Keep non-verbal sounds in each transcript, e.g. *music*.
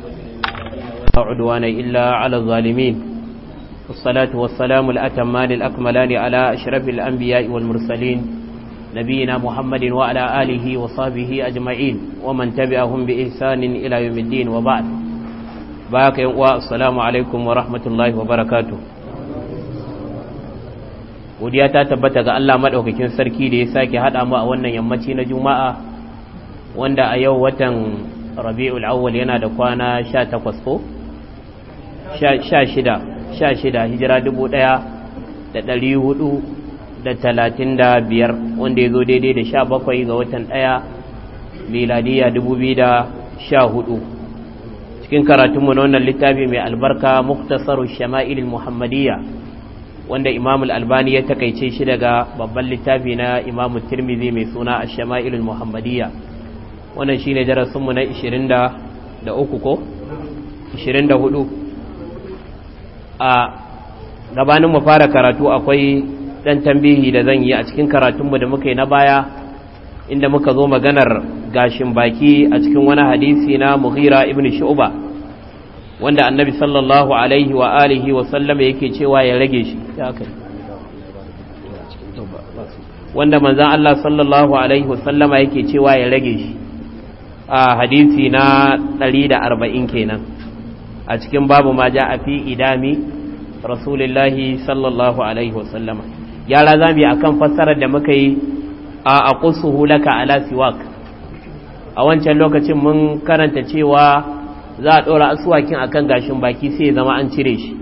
ولا عدوان إلا على الظالمين والصلاة والسلام الأتمان الأكملان على أشرف الأنبياء والمرسلين نبينا محمد وعلى آله وصحبه أجمعين ومن تبعهم بإحسان إلى يوم الدين وبعد باقي والسلام عليكم ورحمة الله وبركاته godiya ta tabbata ga Allah madaukakin sarki da ya sake hada mu a wannan yammaci na juma'a wanda a yau watan rabi'ul awwal yana da kwana 18 ko 16 16 hijira 1435 wanda ya zo daidai da 17 ga watan 1 miladiya 2014 cikin karatunmu na wannan littafi mai albarka muktasaru shama'il muhammadiyya wanda imamul albani ya takaice shi daga babban littafi na imamu tirmidhi mai suna ash-shama'il muhammadiyya wannan shi ne darasinmu na 23 ko 24 a gabaninmu fara karatu akwai ɗan tambihi da zan yi a cikin karatunmu da muka yi na baya inda muka zo maganar gashin baki a cikin wani hadisi na muhira ibn shu'ba wanda annabi sallallahu alaihi wa alihi wa sallama yake cewa ya rage shi wanda manzan Allah sallallahu alaihi wa sallama yake cewa ya rage shi a hadisi na 140 kenan a cikin babu ma ja a fi idami rasulullahi sallallahu alaihi wasallama yara za mu yi akan fassarar da muka yi a aqsuhu laka ala siwak a wancan lokacin mun karanta cewa za a ɗora asuwakin akan gashin baki sai zama an cire shi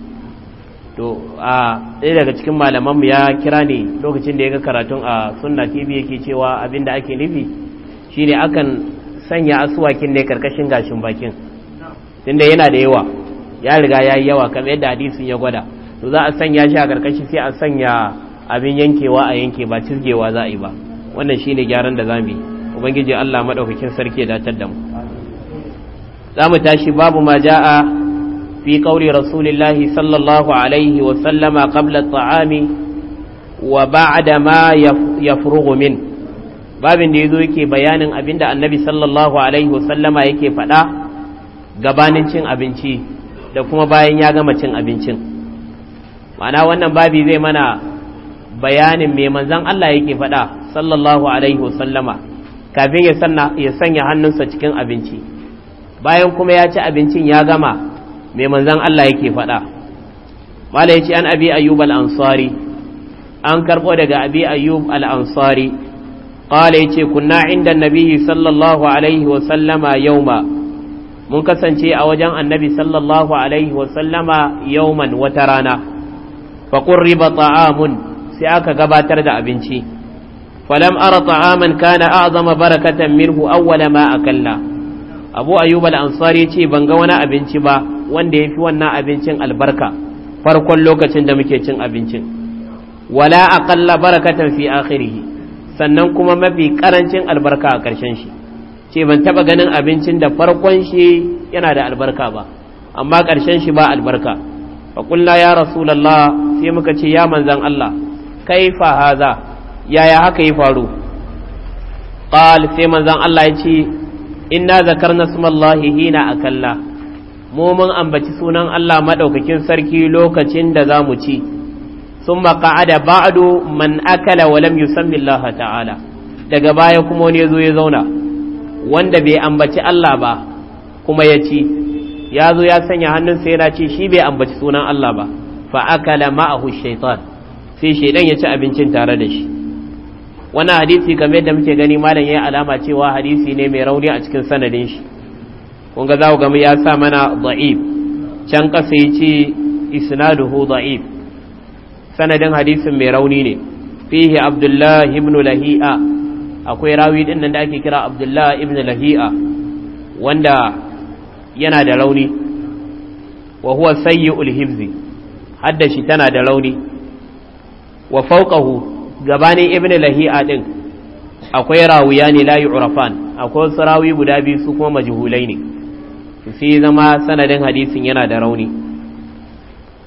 to a ɗaya daga cikin malaman mu ya kira ni lokacin da ya ga karatun a sunna tv yake cewa abinda ake nufi shine akan sanya asuwakin ne karkashin gashin bakin tunda yana da yawa ya riga ya yi yawa kamar yadda hadisin ya gwada to za a sanya shi a karkashi sai a sanya abin yankewa a yanke ba cizgewa za a yi ba wannan shine gyaran da zamu yi ubangiji Allah madaukakin sarki ya datar da mu zamu tashi babu ma jaa fi ƙauri rasulillahi sallallahu alaihi wa sallama qabla at-ta'ami wa ba'da ma yafrughu babin da ya zo yake bayanin abin da annabi sallallahu alaihi wasallama yake faɗa gabanin cin abinci da kuma bayan ya gama cin abincin ma'ana wannan babi zai mana bayanin mai manzan Allah yake faɗa sallallahu alaihi wasallama kafin ya sanya hannunsa cikin abinci bayan kuma ya ci abincin ya gama mai manzan Allah yake faɗa mala ya ce an abi ayyub al-ansari an karɓo daga abi ayyub al-ansari qala yace kunna inda nabiyyi sallallahu alaihi wa sallama yauma mun kasance a wajen annabi sallallahu alaihi wa sallama yauman wata rana fa qurriba ta'amun sai aka gabatar da abinci falam ara ta'aman kana a'zama barakatan minhu awwala ma akalla abu ayyub ansari ce ban ga wani abinci ba wanda yafi wannan abincin albarka farkon lokacin da muke cin abincin wala aqalla barakatan fi akhiri. sannan kuma mafi karancin albarka a ƙarshen shi ce ban taba ganin abincin da farkon shi yana da albarka ba amma ƙarshen shi ba albarka fa kullu ya rasulullah sai muka ce ya manzan Allah kaifa haza yaya haka ya faru qal sai manzan Allah ya ce inna zakarna smallahi hina akalla mu mun ambaci sunan Allah madaukakin sarki lokacin da zamu ci sun maƙa'ada ba'adu man akala walam yusammi Allah ta'ala daga baya kuma wani zo ya zauna wanda bai ambaci Allah ba kuma ya ci ya zo ya sanya hannunsa yana ce shi bai ambaci sunan Allah ba fa'akala ma'ahu shaitan sai shaidan ya ci abincin tare da shi wannan hadisi game da muke gani malam ya yi alama cewa hadisi ne mai rauni a cikin sanadin shi kun ga za ku gami ya sa mana da'if can kasa ya isnaduhu da'if sanadin hadisin mai rauni ne fihi abdullahi ibn lahi'a akwai rawi din nan da ake kira abdullahi ibn lahi'a wanda yana da rauni wa huwa sayyi'ul himzi hadda shi tana da rauni wa fawqahu gabanin ibn lahi'a din akwai rawiya ne la yu'rafan akwai sarawi guda biyu su kuma majhulai ne sai zama sanadin hadisin yana da rauni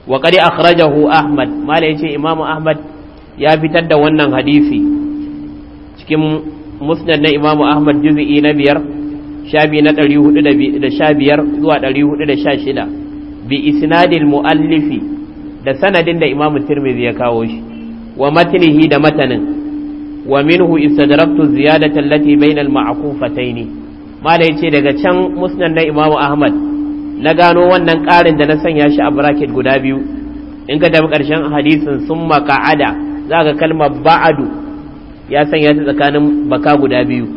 wa qad akhrajahu ahmad mala yace imam ahmad ya fitar da wannan hadisi cikin musnad na imam ahmad juz'i na biyar shabi na 415 zuwa 416 bi isnadil muallifi da sanadin da imam tirmidhi ya kawo shi wa matnihi da matanin wa minhu الزيادة التي بين المعقوفتين ما لا يتي daga can musnad na Imam Ahmad na gano wannan ƙarin da na sanya shi a bracket guda biyu in ka tafi ƙarshen hadisin sun maka'ada za ka kalmar ba'adu ya sanya ta tsakanin baka guda biyu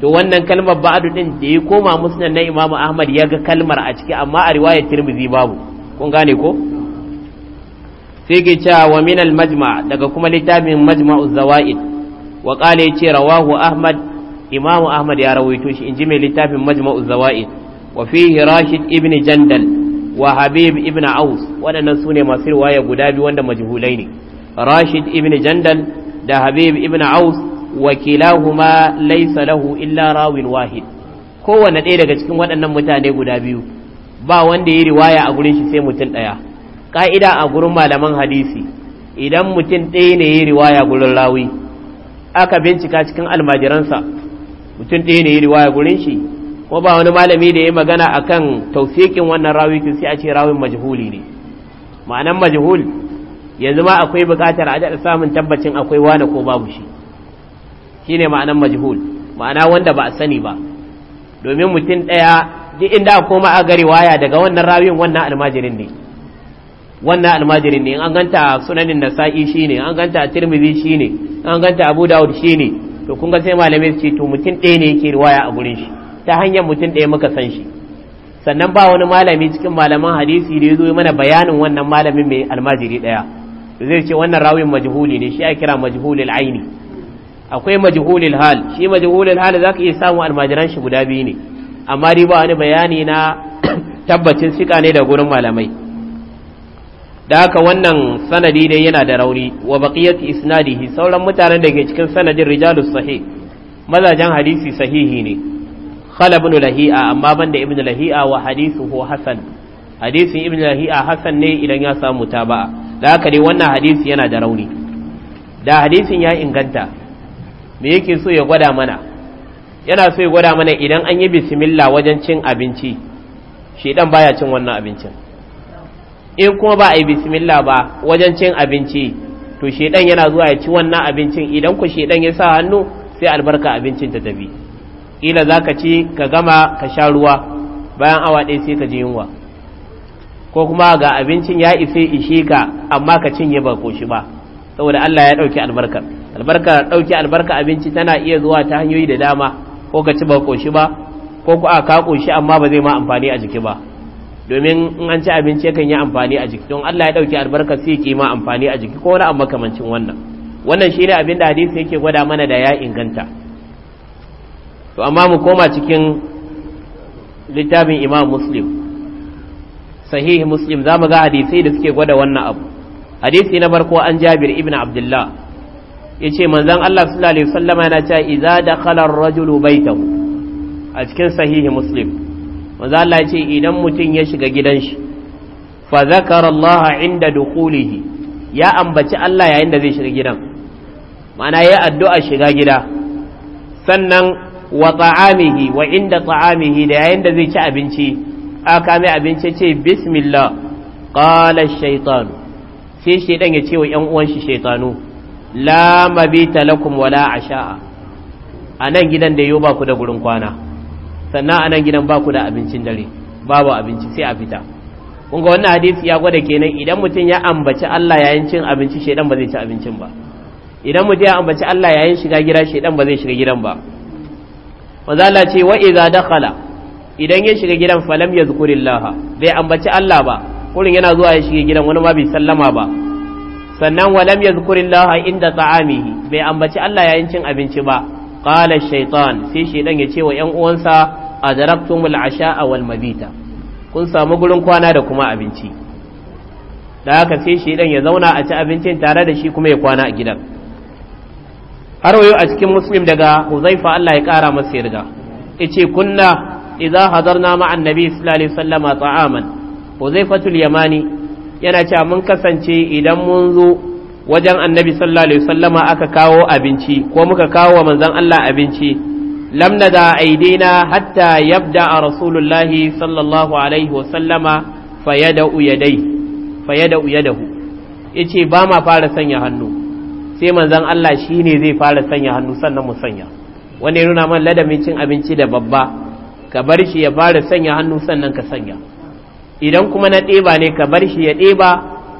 to wannan kalmar ba'adu din da ya koma musnad na imamu ahmad ya ga kalmar a ciki amma a riwayar tirmidhi babu kun gane ko sai ke cewa wa min majma daga kuma littafin majma'u zawaid wa qala yace rawahu ahmad imamu ahmad ya rawaito shi inji mai littafin majma'u zawaid Wafihi rashid ibn jandal wa habib ibn aus waɗannan sune masu riwaya guda biyu wanda majhulai ne rashid ibn jandal da habib ibn aus wakilahu kilahuma laysa illa rawin wahid kowanne ɗaya daga cikin waɗannan mutane guda biyu ba wanda ya riwaya a gurin shi sai mutum ɗaya ƙa'ida a gurin malaman hadisi idan mutum ɗaya ne ya riwaya gurin rawi aka bincika cikin almajiransa mutum ɗaya ne ya riwaya gurin shi ko ba wani malami da ya magana a kan tausikin wannan rawi sai a ce rawin majhuli ne ma'anan majhul yanzu ma akwai bukatar a da samun tabbacin akwai wane ko babu shi shine ma'anan majhul ma'ana wanda ba a sani ba domin mutum ɗaya duk inda a koma a gari waya daga wannan rawin wannan almajirin ne wannan almajirin ne an ganta sunanin nasa'i shine an ganta tirmidhi shine an ganta abu dawud shine to kun ga sai malamai su ce to mutum ɗaya ne yake riwaya a gurin shi ta hanyar mutum ɗaya muka san shi sannan ba wani malami cikin malaman hadisi da ya zo mana bayanin wannan malamin mai almajiri ɗaya zai ce wannan rawin majhuli ne shi a kira majhulil aini akwai majhulil hal shi majhulil hal zaka iya samu almajiran shi guda biyu ne amma dai ba wani bayani na *coughs* tabbacin sika ne da gurin malamai da haka wannan sanadi dai yana da rauni wa baqiyatu isnadihi sauran mutanen da ke cikin sanadin rijalus sahih mazajen hadisi sahihi ne khala ibn lahi'a amma banda ibn lahi'a wa hadithuhu hasan hadisin ibn lahi'a hasan ne idan ya samu taba'a da haka dai wannan hadisi yana da rauni da hadisin ya inganta me yake so ya gwada mana yana so ya gwada mana idan an yi bismillah wajen cin abinci shi dan baya cin wannan abincin in kuma ba a yi bismillah ba wajen cin abinci to shi dan yana zuwa ya ci wannan abincin idan ku shi dan ya sa hannu sai albarka abincin ta tafi ila za ka ci ka gama ka sha ruwa bayan awa ɗaya sai ka ji yunwa ko kuma ga abincin ya ife ishe ka amma ka cinye ba koshi ba saboda Allah ya ɗauki albarka albarkar ɗauki albarka abinci tana iya zuwa ta hanyoyi da dama ko ka ci ba koshi ba ko ku a ka koshi amma ba zai ma amfani a jiki ba domin in an ci abinci kan yi amfani a jiki don Allah ya ɗauki albarka sai ki ma amfani a jiki ko wani abu makamancin wannan wannan shi ne abin da hadisi yake gwada mana da ya inganta to amma mu koma cikin littafin imam muslim sahih muslim za mu ga hadisai da suke gwada wannan abu hadisi na barko an jabir ibn abdullah ya ce manzan allah sallallahu alaihi wasallama yana cewa iza dakhala ar-rajulu baitahu a cikin sahih muslim manzan allah ya ce idan mutum ya shiga gidan shi fa zakara allah inda dukulihi ya ambaci allah yayin da zai shiga gidan ma'ana ya addu'a shiga gida sannan wa ta'amihi wa inda ta'amihi da yayin da zai ci abinci aka mai abinci ce bismillah qala shaytan sai shaydan ya ce wa ƴan uwan shi shaytanu la mabita lakum wala asha'a anan gidan da yau ba ku da gurin kwana sannan anan gidan ba ku da abincin dare babu abinci sai a fita kun ga wannan hadisi ya gwada kenan idan mutum ya ambaci Allah yayin cin abinci shaydan ba zai ci abincin ba idan mutum ya ambaci Allah yayin shiga gida shaydan ba zai shiga gidan ba manzala ce wa iza dakhala idan ya shiga gidan falam laha bai ambaci Allah ba kurin yana zuwa ya shiga gidan wani ma bai sallama ba sannan walam laha inda ta'amihi bai ambaci Allah yayin cin abinci ba qala shaitan sai shaydan ya ce wa yan uwansa adraktumul asha'a wal mabita kun samu gurin kwana da kuma abinci da haka sai shaydan ya zauna a ci abincin tare da shi kuma ya kwana a gidan har wayo a cikin muslim daga huzaifa Allah ya kara masa yarda yace kunna idza hadarna ma'an nabi sallallahu alaihi wasallama ta'aman huzaifatul yamani yana cewa mun kasance idan mun zo wajen annabi sallallahu alaihi wasallama aka kawo abinci ko muka kawo wa manzon Allah abinci lam nada aidina hatta yabda rasulullahi sallallahu alaihi wasallama fayada'u yadai fayada'u yadahu yace ba ma fara sanya hannu sai manzan Allah shi ne zai fara sanya hannu sannan mu wanda ya nuna man ladamin cin abinci da babba ka bar shi ya fara sanya hannu sannan ka sanya idan kuma na ɗeba ne ka bar shi ya ɗeba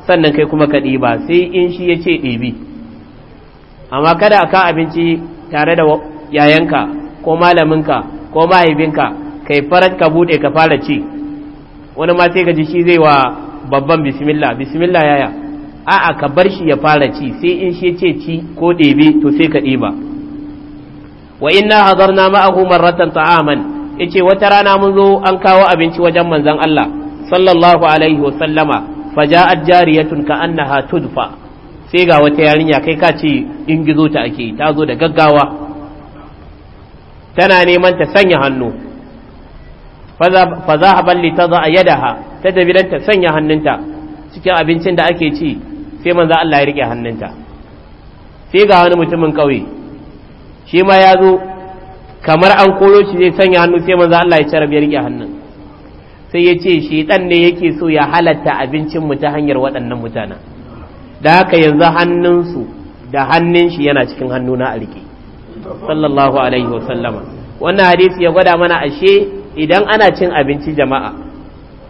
sannan kai kuma ka ɗeba sai in shi ya ce ɗebi amma kada a ka abinci tare da yayanka ko malaminka ko mahaifinka kai fara ka buɗe ka fara ci wani ma sai ka ji shi zai wa babban bismillah bismillah yaya a'a ka bar shi ya fara ci sai in shi ce ci ko ɗebe to sai ka ɗeba wa inna hadarna ma'ahu marratan ta'aman yace wata rana mun zo an kawo abinci wajen manzon Allah sallallahu alaihi wa sallama faja'at jariyatun ka tudfa sai ga wata yarinya kai ka ce in gizo ta ake ta zo da gaggawa tana neman ta sanya hannu fa zahaban li yadaha ta tafi ta sanya hannunta cikin abincin da ake ci sai za Allah ya rike hannunta sai ga wani mutumin kauye shi ma ya zo kamar an koyo shi zai sanya hannu sai za Allah ya carab ya rike hannun sai ya ce shi dan ne yake so ya halatta abincin mu ta hanyar waɗannan mutanen da haka yanzu hannunsu da hannun shi yana cikin hannuna a rike sallallahu alaihi wa sallama wannan hadisi ya gwada mana ashe idan ana cin abinci jama'a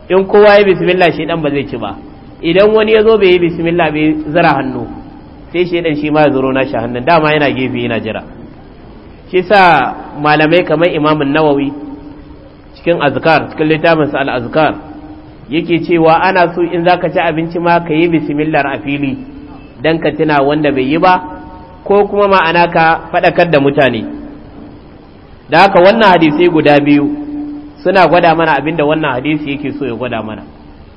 in kowa ya bismillah dan ba zai ci ba idan wani ya zo bai yi bismillah bai zara hannu sai shi dan shi ma ya zuro shi hannun dama yana gefe yana jira shi sa malamai kamar imamun nawawi cikin azkar cikin littafin sa al-azkar yake cewa ana so in zaka ci abinci ma ka yi bismillah a fili dan ka tuna wanda bai yi ba ko kuma ma'ana ka fadakar da mutane da haka wannan hadisi guda biyu suna gwada mana abinda wannan hadisi yake so ya gwada mana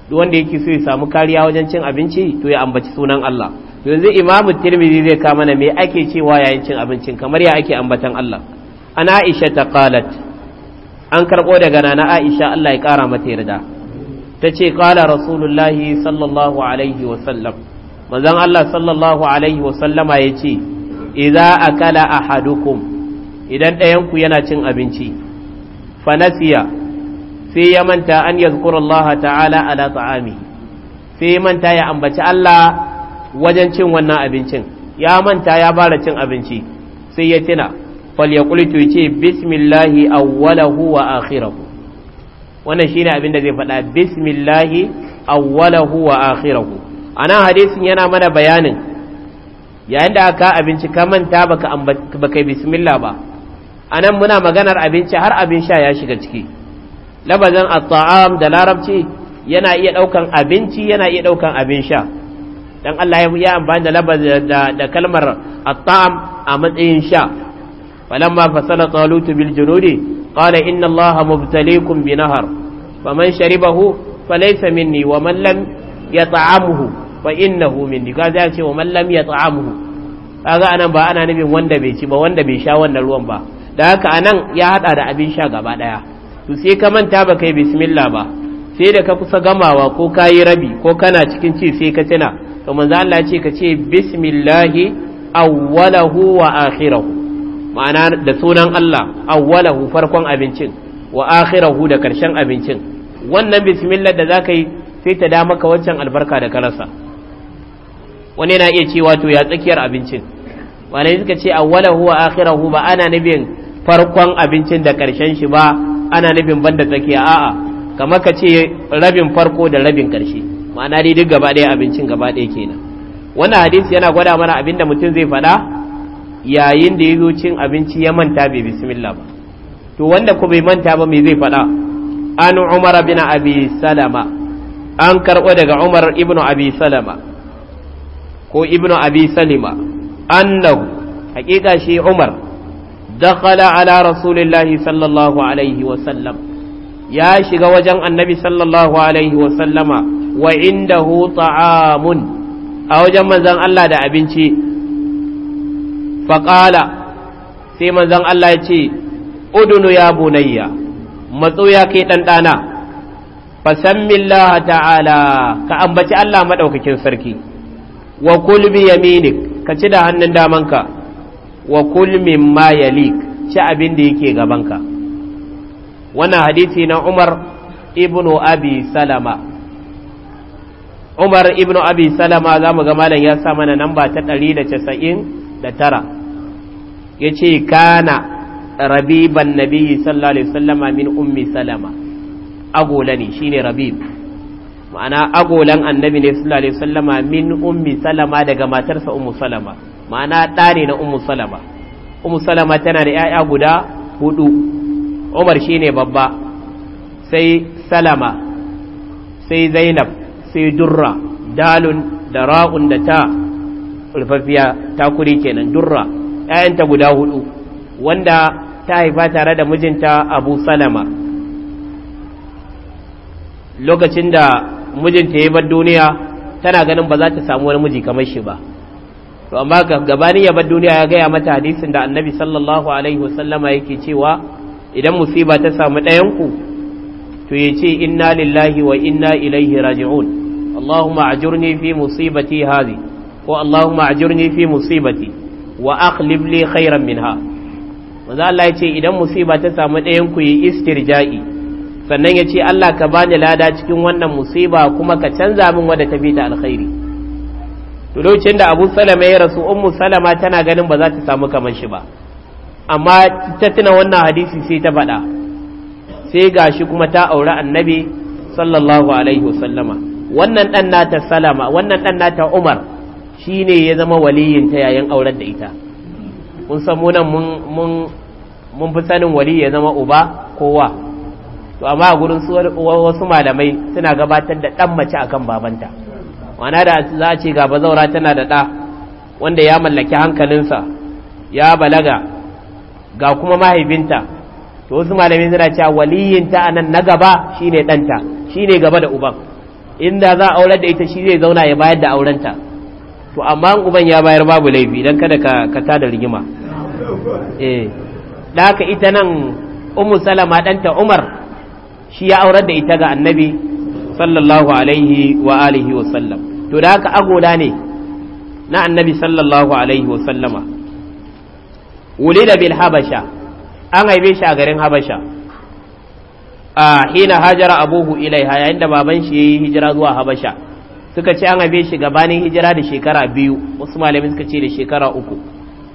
duk wanda yake so ya samu kariya wajen cin abinci to ya ambaci sunan Allah yanzu imamu tirmidhi zai kama na me ake cewa yayin cin abincin kamar ya ake ambatan Allah ana aisha ta qalat an karbo daga nana aisha Allah ya kara mata yarda tace qala rasulullahi sallallahu alaihi wa sallam manzon Allah sallallahu alaihi wa sallama yace idza akala ahadukum idan ɗayanku yana cin abinci fanasiya sai ya manta an allah ta'ala ala ta'ami sai ya manta ya ambaci Allah wajen cin wannan abincin ya manta ya bara cin abinci sai ya tina ya to yace bismillahi awwalahu wa akhirahu wannan shine abin da zai faɗa bismillahi awwalahu wa akhirahu anan hadisin yana mana bayanin yayin da aka abinci ka manta baka baka bismillah ba anan muna maganar abinci har abin sha ya shiga ciki labazin at-ta'am da larabci yana iya daukan abinci yana iya daukan abin sha dan Allah ya amfani da labazin da kalmar at-ta'am a matsayin sha falamma fasala talut bil junudi qala inna Allah mubtaliikum bi nahar faman sharibahu falaysa minni wa man lam yata'amuhu fa innahu minni kaza ya ce wa man lam yata'amuhu kaga anan ba ana nufin wanda bai ci ba wanda bai sha wannan ruwan ba da haka anan ya hada da abin sha gaba daya to sai ka manta ba kai bismillah ba sai da ka kusa gamawa ko ka yi rabi ko kana cikin ci sai ka tuna to manzo Allah ce ka ce bismillahi awwalahu wa akhirahu ma'ana da sunan Allah awwalahu farkon abincin wa akhirahu da karshen abincin wannan bismillah da zaka yi sai ta da maka waccan albarka da karasa wani yana iya cewa to ya tsakiyar abincin wani suka ce awwalahu wa akhirahu ba ana nabin farkon abincin da karshen shi ba ana nufin banda tsakiya a'a kamar ka ce rabin farko da rabin karshe ma'ana dai duk gaba ɗaya abincin gaba ɗaya kenan wannan hadisi yana gwada mana abinda mutum zai faɗa yayin da ya zo cin abinci ya manta bai bismillah ba to wanda ko bai manta ba me zai faɗa an umar bin abi salama an karɓo daga umar ibnu abi salama ko ibnu abi salima annahu haƙiƙa shi umar دخل ala رسول الله صلى الله عليه وسلم يا شيغا وجن النبي صلى الله عليه وسلم وعنده طعام a wajen manzan Allah da abinci faƙala sai manzan Allah ya ce udunu ya bunayya matso ya kai ɗanɗana fasammillah ta'ala ka ambaci Allah maɗaukakin sarki wa kulbi yaminik ka ci da hannun damanka wa kulmin mimma yalik ci abin da yake gabanka wannan hadisi na Umar ibnu Abi Salama Umar ibnu Abi Salama mu ga malam ya sa mana namba ta 199 yace kana rabiban nabiyyi sallallahu alaihi wasallama min ummi Salama agola ne shine rabib ma'ana agolan annabi ne sallallahu alaihi wasallama min ummi Salama daga matarsa ummu Salama ma'ana ɗa ne na umu salama umu salama tana da 'ya'ya guda hudu umar shi ne babba sai salama sai zainab sai durra dalun da ra'un da ta ulfafiya kuri kenan durra 'ya'yanta guda hudu wanda ta haifa tare da mijinta abu salama lokacin da mijinta ya bar duniya tana ganin ba za ta samu wani miji kamar shi ba to amma gabanin ya duniya ya gaya mata hadisin da annabi sallallahu alaihi wasallama yake cewa idan musiba ta samu ɗayanku to ya ce inna lillahi wa inna ilaihi raji'un allahumma ajurni fi musibati hazi ko allahumma ajurni fi musibati wa akhlib li khairan minha manzo Allah ya ce idan musiba ta samu ɗayanku yi istirja'i sannan ya ce Allah ka bani lada cikin wannan musiba kuma ka canza min wadda ta fi ta alkhairi to lokacin da abu salama ya rasu ummu salama tana ganin ba za ta samu kamar shi ba amma ta tuna wannan hadisi sai ta faɗa sai gashi kuma ta aure annabi sallallahu alaihi wasallama wannan dan nata salama wannan dan nata umar shine ya zama waliyin ta yayin aurar da ita kun san mun mun fi sanin wali ya zama uba kowa to amma a gurin wasu malamai suna gabatar da ɗan mace akan babanta mana da za a ce ga bazaura tana da ɗa wanda ya mallaki hankalinsa ya balaga ga kuma mahaifinta to wasu malami suna cewa waliyinta a nan na gaba shi ne ɗanta ne gaba da uban inda za a aurar da ita shi zai zauna ya bayar da aurenta to amma uban ya bayar babu laifi don kada ka tada rigima eh ɗaka ita nan umu salama ɗanta umar shi ya aurar da ita ga annabi sallallahu alaihi wa alihi wa sallam to da haka agoda ne na annabi sallallahu alaihi wasallama wulida bil habasha an haife shi a garin habasha a hina hajara abuhu ilaiha yayin da baban shi yayi hijira zuwa habasha suka ce an haife shi gabanin hijira da shekara biyu wasu malamin suka ce da shekara uku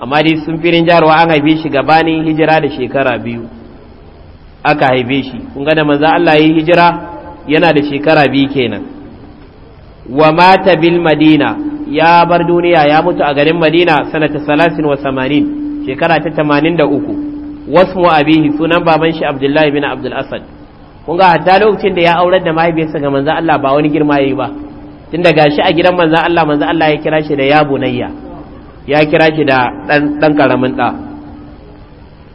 amma dai sun firin jarwa an haife shi gabanin hijira da shekara biyu aka haife shi kun ga da manzo Allah yayi hijira yana da shekara biyu kenan wa mata bil madina ya bar duniya ya mutu a garin madina sanata salasin wa samanin shekara ta tamanin da uku wasmu abihi sunan baban shi abdullahi bin abdul asad kun ga hatta lokacin da ya aurar da mahaifiyarsa ga manzan Allah ba wani girma yayi ba tun ga shi a gidan manzan Allah manzan Allah ya kira shi da ya bunayya ya kira shi da dan dan karamin da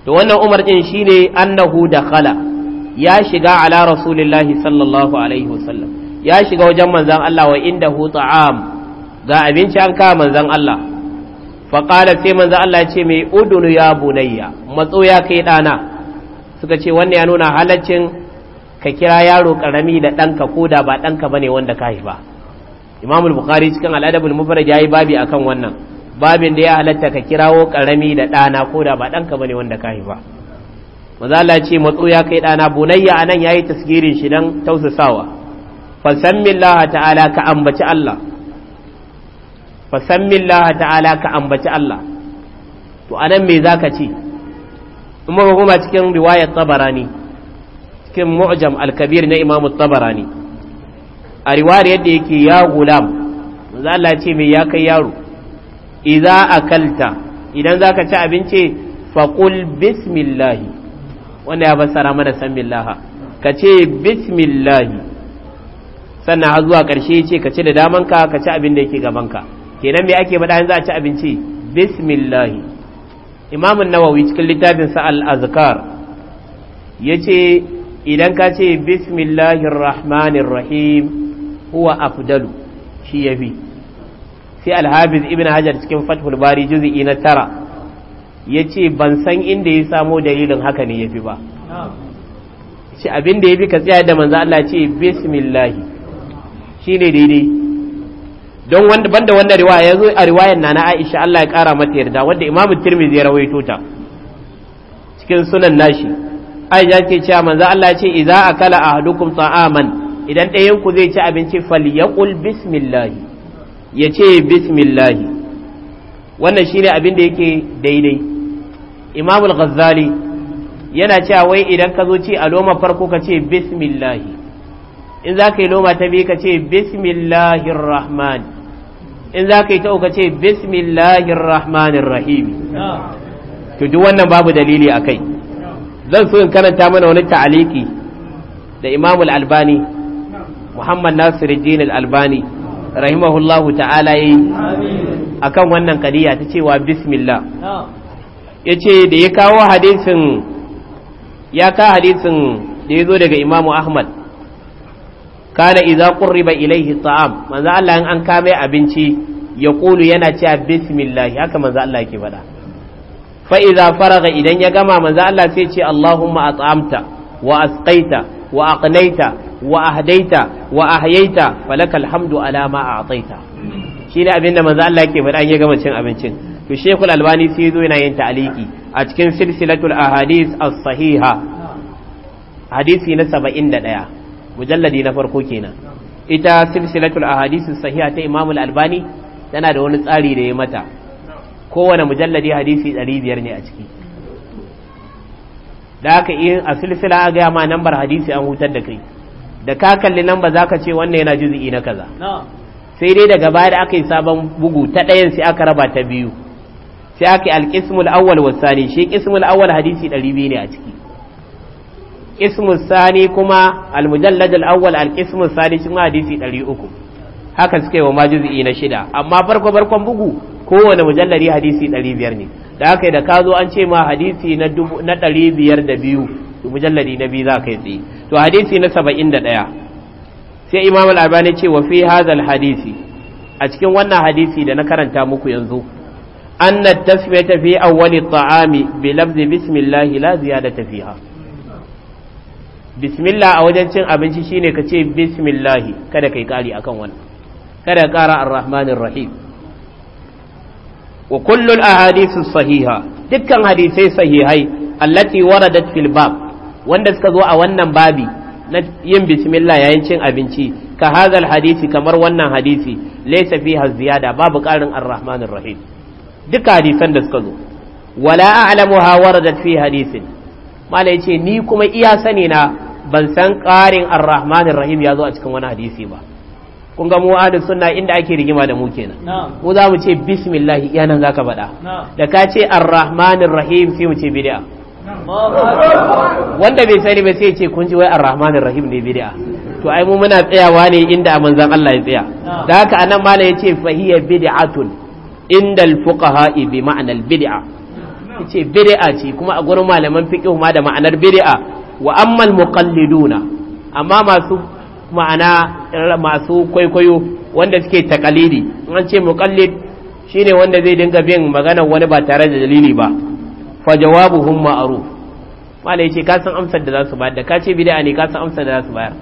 to wannan Umar din shine annahu khala ya shiga ala rasulillahi sallallahu alaihi wasallam ya shiga wajen manzan Allah wa inda hu ta'am ga abinci an kawo manzan Allah faƙala sai manzan Allah ce mai udunu ya bunayya matso ya kai ɗana suka ce wannan ya nuna halaccin ka kira yaro ƙarami da ɗanka ko da ba ɗanka bane wanda ka haifa imamul bukhari cikin al'adabul ya yayi babi akan wannan babin da ya halatta ka kirawo ƙarami da ɗana ko da ba ɗanka bane wanda ka haifa manzan Allah ce matso ya kai ɗana bunayya anan yayi tasgirin shi dan tausasawa fasammillaha ta'ala ka ambaci Allah fasammillaha ta'ala ka ambaci Allah to anan me zaka ce in kuma cikin riwayar tabarani cikin mu'jam al-kabir na imam tabarani a riwayar yadda yake ya gulam manzo Allah ce me ya kai yaro idza akalta idan zaka ci abinci faqul bismillah wanda ya fassara mana sammillaha ka ce "bismillahi". sannan har zuwa ƙarshe ce ka ci da daman ka ka ci abin da yake ka kenan me ake faɗa yanzu a ci abinci bismillah imam an-nawawi cikin littafin sa al-azkar yace idan ka ce bismillahir rahmanir rahim huwa afdalu shi yafi sai al-hafiz ibn hajar cikin fathul bari juz'i na tara yace ban san inda ya samo dalilin haka ne yafi ba shi abin da yafi ka tsaya da manzo Allah ce bismillah Shi ne daidai don wanda banda wannan riwaya zo a riwayar nana Aisha Allah ya kara mata yarda wanda Imam Tirmidhi ya rawaito ta cikin sunan nashi Aisha ke cewa manzo Allah ya ce idza akala ahadukum ta'aman idan ɗayan ku zai ci abinci falyaqul bismillah ya ce bismillah wannan shine abin da yake daidai Imam Al-Ghazali yana cewa wai idan ka zo ci a loma farko ka ce bismillah in za ka yi loma ta biyu ka ce bismillahir rahman in za ka yi ta uka ce bismillahir rahmanir rahim to duk wannan babu dalili a kai zan so in karanta mana wani ta'aliki da imam al-albani muhammad nasir al-albani rahimahullahu ta'ala yi akan wannan kadiya ta cewa bismillah ya ce da ya kawo hadisin ya ka hadisin da ya zo daga imamu ahmad kana iza qurriba ilayhi ta'am manzo Allah in an kame abinci ya kulu yana cewa bismillah haka manzo Allah yake faɗa fa idza faraga idan ya gama manzo Allah sai ce Allahumma at'amta wa asqaita wa aqnaita wa ahdaita wa ahyaita falakal hamdu ala ma a'taita shine abinda manzo Allah yake faɗa ya gama cin abincin to shekul Albani sai yazo yana yin ta'aliki a cikin silsilatul ahadith as-sahiha hadisi na 71 mujalladi na farko kenan ita silsilatul ahadisi sahiha ta Imam Al-Albani tana da wani tsari da ya mata kowane mujalladi hadisi 500 ne a ciki da haka in a silsila a gaya ma nambar hadisi an hutar da kai da ka kalli namba zaka ce wannan yana juzi'i na kaza sai dai daga baya da aka yi sabon bugu ta ɗayan sai aka raba ta biyu sai aka yi alƙismul awwal wasani shi ƙismul awwal hadisi 200 ne a ciki ismu sani kuma al-mujallad al-awwal al-ismu sani cikin hadisi 300 haka suka yi wa majuzi na shida amma farko farkon bugu kowane mujallari hadisi 500 ne da haka da kazo an ce ma hadisi na 502 mujallari na biyu za ka yi to hadisi na 71 sai imam al-albani ce wa fi hadal hadisi a cikin wannan hadisi da na karanta muku yanzu أن التسمية في أول الطعام بلفظ بسم الله لا زيادة فيها bismillah a wajen cin abinci shine ka ce bismillahi kada kai kari akan wannan kada kara arrahmanir rahim wa kullul ahadithu sahiha dukkan hadisai sahihai allati waradat fil bab wanda suka zo a wannan babi na yin bismillah yayin cin abinci ka hadal hadisi kamar wannan hadisi laysa fiha ziyada babu karin arrahmanir rahim duka hadisan da suka zo wala a'lamuha waradat fi hadisin mala yace ni kuma iya sani na ban san ƙarin ar-rahmanir rahim ya zo a cikin wani hadisi ba kun ga mu Suna sunna inda ake rigima da mu kenan mu za mu ce bismillah iya nan zaka baɗa. da ka ce ar-rahmanir rahim sai mu ce bid'a wanda bai sani ba sai ce kun ji wai ar-rahmanir rahim ne bid'a to ai mu muna tsayawa ne inda manzon Allah ya tsaya da haka anan mala yace fahiya bid'atun indal fuqaha bi ma'anal bid'a ce bid'a ce kuma a gurin malaman fiqh ma da ma'anar bid'a wa ammal muqalliduna amma masu ma'ana masu kwaikwayo wanda suke takalidi an ce muqallid shine wanda zai dinga bin magana wani ba tare da dalili ba fa jawabuhum ma'ruf mala yace ka san amsar da zasu bayar da ka ce bid'a ne ka san amsar da zasu bayar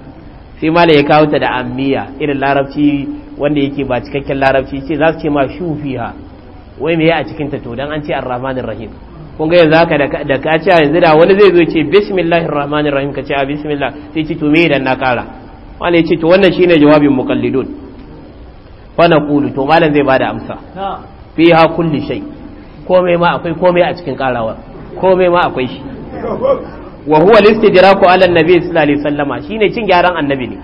sai mala ya kawo ta da ammiya irin larabci wanda yake ba cikakken larabci ce zasu ce ma shufiha wai me ya a cikin ta to dan an ce ar-rahmanir rahim kun ga yanzu haka da ka ce yanzu da wani zai zo ce bismillahir rahmanir rahim ka ce a bismillah sai ce to me idan na kara wani ce to wannan shine jawabin muqallidun fa naqulu to malam zai bada amsa fiha kulli shay komai ma akwai komai a cikin karawa komai ma akwai shi *laughs* wa huwa listidraku ala an sallallahu alaihi wasallama shine cin gyaran annabi ne